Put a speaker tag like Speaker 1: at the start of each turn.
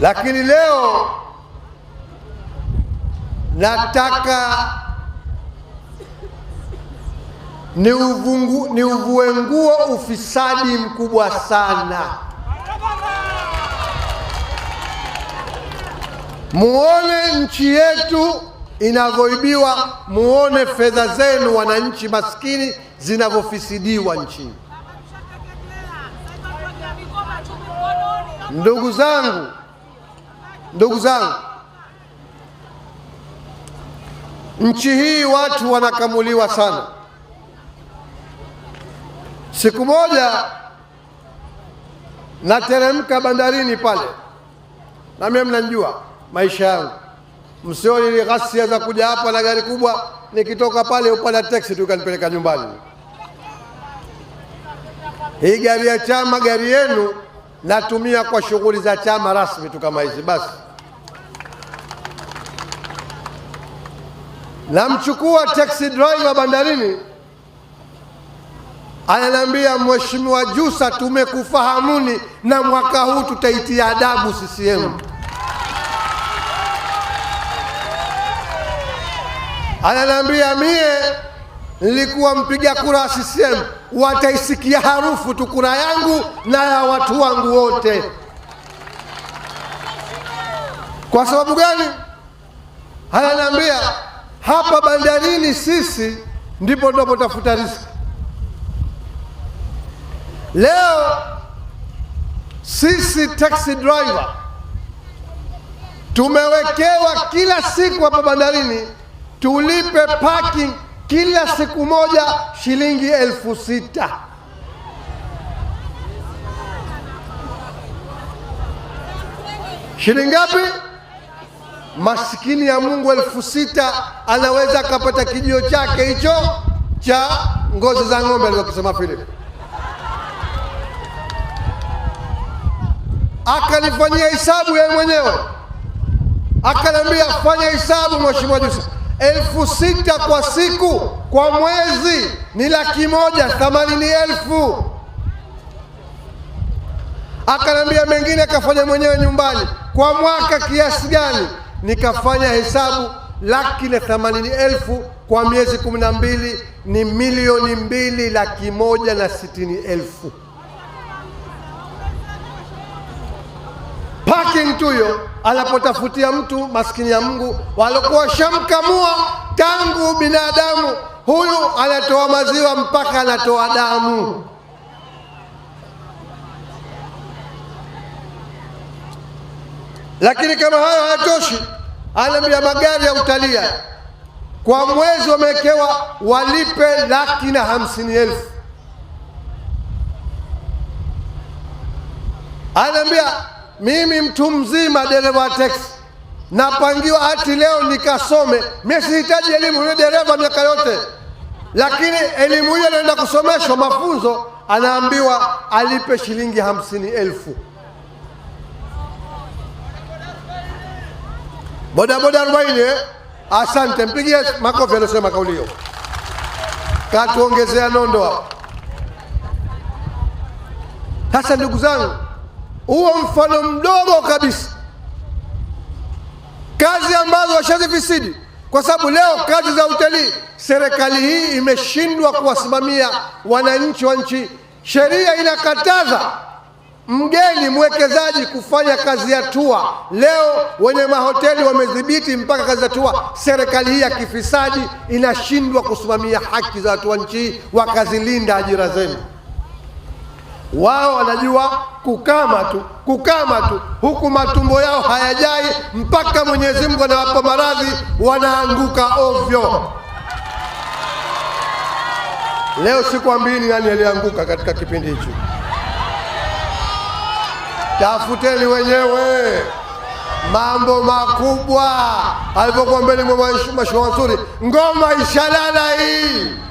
Speaker 1: Lakini leo nataka ni uvungu, ni uvue nguo ufisadi mkubwa sana. Muone nchi yetu inavyoibiwa, muone fedha zenu wananchi maskini zinavyofisidiwa nchini. Ndugu zangu Ndugu zangu, nchi hii watu wanakamuliwa sana. Siku moja nateremka bandarini pale, na mimi mnanijua maisha yangu, msioni ni ghasia za kuja hapa na gari kubwa, nikitoka pale upanda teksi tu kanipeleka nyumbani. Hii gari ya chama, gari yenu natumia kwa shughuli za chama rasmi tu kama hizi basi. Namchukua taxi driver bandarini, ananiambia Mheshimiwa Jussa, tumekufahamuni na mwaka huu tutaitia adabu CCM. Ananiambia mie nilikuwa mpiga kura CCM wataisikia harufu tukura yangu na ya watu wangu wote. Kwa sababu gani? Haya, naambia hapa bandarini, sisi ndipo tunapotafuta riziki. Leo sisi taxi driver tumewekewa kila siku hapa bandarini tulipe parking kila siku moja shilingi elfu sita. Shilingi ngapi? Masikini ya Mungu elfu sita anaweza akapata kijio chake hicho cha ngozi za ng'ombe alivyokisema Philip, akanifanyia hesabu yeye mwenyewe, akaniambia fanya hesabu, mheshimiwa Jussa elfu sita kwa siku, kwa mwezi ni laki moja thamanini elfu. Akanambia mengine akafanya mwenyewe nyumbani. Kwa mwaka kiasi gani? Nikafanya hesabu, laki na thamanini elfu kwa miezi kumi na mbili ni milioni mbili laki moja na sitini elfu. yake mtu huyo anapotafutia mtu maskini ya Mungu walikuwa shamkamua tangu binadamu, huyu anatoa maziwa mpaka anatoa damu. Lakini kama hayo hayatoshi, anaambia magari ya utalia kwa mwezi wamewekewa walipe laki na hamsini elfu anaambia mimi mtu mzima, dereva wa teksi, napangiwa hati leo nikasome. Mimi sihitaji elimu, ni dereva miaka yote, lakini elimu hiyo inaenda kusomeshwa mafunzo, anaambiwa alipe shilingi hamsini elfu. Bodaboda arobaini. Eh? Asante, mpigie makofi aliosema kauli hiyo, katuongezea nondo hapo. Sasa ndugu zangu huo mfano mdogo kabisa, kazi ambazo washazifisidi kwa sababu leo kazi za utalii serikali hii imeshindwa kuwasimamia wananchi wa nchi. Sheria inakataza mgeni mwekezaji kufanya kazi ya tua. Leo wenye mahoteli wamedhibiti mpaka kazi ya tua. Serikali hii ya kifisadi inashindwa kusimamia haki za watu wa nchi hii, wakazilinda ajira zenu wao wanajua kukama tu kukama tu, huku matumbo yao hayajai mpaka Mwenyezi Mungu anawapa maradhi, wanaanguka ovyo. Leo sikwambii ni nani alianguka katika kipindi hicho, tafuteni wenyewe mambo makubwa alivyokuambeni Mheshimiwa Mansuri, ngoma ishalala hii